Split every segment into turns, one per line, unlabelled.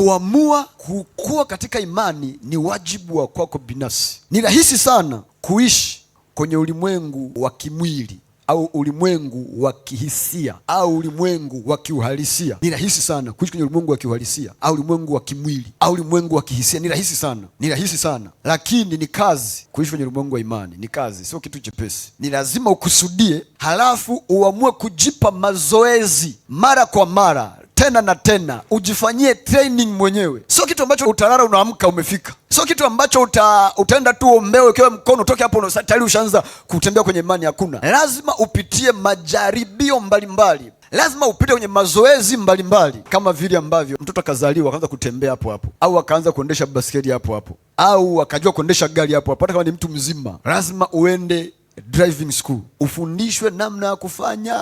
kuamua kukua katika imani ni wajibu wa kwako binafsi. Ni rahisi sana kuishi kwenye ulimwengu wa kimwili au ulimwengu wa kihisia au ulimwengu wa kiuhalisia. Ni rahisi sana kuishi kwenye ulimwengu wa kiuhalisia au ulimwengu wa kimwili au ulimwengu wa kihisia. Ni rahisi sana, ni rahisi sana, lakini ni kazi. Kuishi kwenye ulimwengu wa imani ni kazi, sio kitu chepesi. Ni lazima ukusudie, halafu uamue kujipa mazoezi mara kwa mara tena na tena, ujifanyie training mwenyewe. Sio kitu ambacho utalala unaamka umefika, sio kitu ambacho uta, utaenda tu ombewe ukiwa mkono toke hapo tayari ushaanza kutembea kwenye imani. Hakuna, lazima upitie majaribio mbalimbali mbali. Lazima upite kwenye mazoezi mbalimbali mbali. Kama vile ambavyo mtoto akazaliwa akaanza kutembea hapo hapo, au akaanza kuendesha baskeli hapo hapo, au akajua kuendesha gari hapo hapo, hata kama ni mtu mzima, lazima uende driving school ufundishwe namna ya kufanya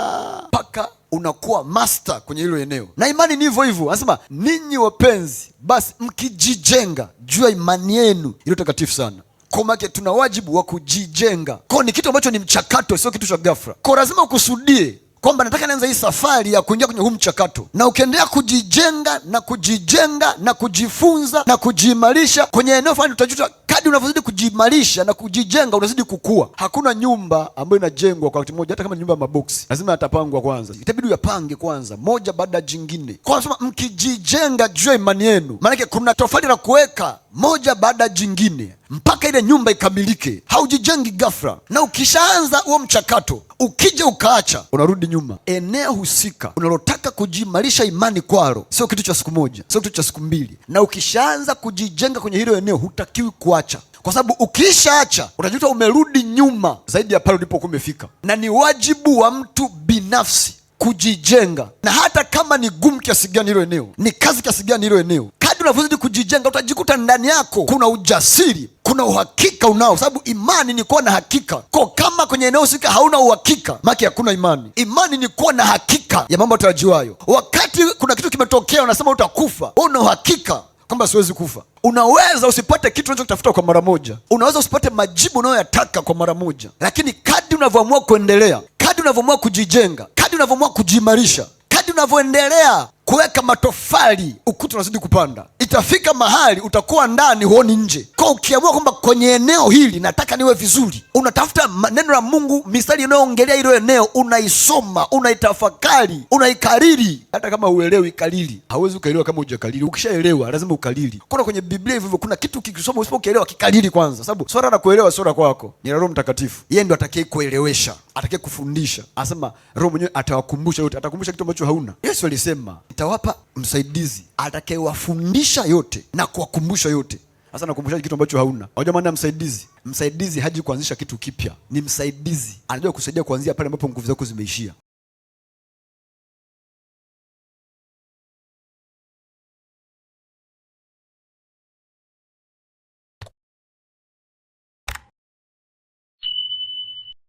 paka unakuwa master kwenye hilo eneo, na imani ni hivyo hivyo. Anasema ninyi wapenzi, basi mkijijenga juu ya imani yenu iliyo takatifu sana kwa maana tuna wajibu wa kujijenga. Kwa ni kitu ambacho ni mchakato, sio kitu cha ghafla. Kwa lazima ukusudie kwamba nataka naanza hii safari ya kuingia kwenye huu mchakato, na ukiendelea kujijenga na kujijenga na kujifunza na kujiimarisha kwenye eneo fulani, utajuta Kadi unavyozidi kujimarisha na kujijenga, unazidi kukua. Hakuna nyumba ambayo inajengwa kwa wakati mmoja, hata kama nyumba ya maboksi, lazima yatapangwa kwanza, itabidi uyapange kwanza, moja baada ya jingine. Kwa nasema mkijijenga juu ya imani yenu, maanake kuna tofali na kuweka moja baada ya jingine mpaka ile nyumba ikamilike. Haujijengi ghafla, na ukishaanza huo mchakato ukija ukaacha, unarudi nyuma. Eneo husika unalotaka kujiimarisha imani kwalo sio kitu cha siku moja, sio kitu cha siku mbili, na ukishaanza kujijenga kwenye hilo eneo hutakiwi kwa kuacha, kwa sababu ukishaacha utajikuta umerudi nyuma zaidi ya pale ulipokuwa umefika, na ni wajibu wa mtu binafsi kujijenga, na hata kama ni gumu kiasi gani hilo eneo, ni kazi kiasi gani hilo eneo, kadri unavyozidi kujijenga utajikuta ndani yako kuna ujasiri kuna uhakika unao, sababu imani ni kuwa na hakika ko. Kama kwenye eneo husika hauna uhakika, maki hakuna imani. Imani ni kuwa na hakika ya mambo yatarajiwayo. Wakati kuna kitu kimetokea, unasema utakufa, una uhakika kwamba siwezi kufa. Unaweza usipate kitu unachotafuta kwa mara moja, unaweza usipate majibu unayoyataka kwa mara moja, lakini kadri unavyoamua kuendelea, kadri unavyoamua kujijenga, kadri unavyoamua kujiimarisha, kadri unavyoendelea kuweka matofali, ukuta unazidi kupanda. Itafika mahali utakuwa ndani, huoni nje. Kwa ukiamua kwamba kwenye eneo hili nataka niwe vizuri, unatafuta neno la Mungu, mistari inayoongelea hilo eneo, unaisoma, unaitafakari, unaikariri. Hata kama uelewi, kariri. Hauwezi ukaelewa kama hujakariri. Ukishaelewa lazima ukariri. Kuna kwenye Biblia hivyo hivyo, kuna kitu kikisoma usipo kielewa, kikariri kwanza, sababu swala la kuelewa sio kwako, ni la Roho Mtakatifu. Yeye ndo atakaye kuelewesha, atakaye kufundisha. Anasema Roho mwenyewe atawakumbusha yote, atakumbusha kitu ambacho hauna. Yesu alisema nitawapa msaidizi atakayewafundisha yote na kuwakumbusha yote. Sasa nakumbushaje kitu ambacho hauna? Unajua maana msaidizi, msaidizi haji kuanzisha kitu kipya, ni msaidizi, anajua kusaidia kuanzia pale ambapo nguvu zako zimeishia.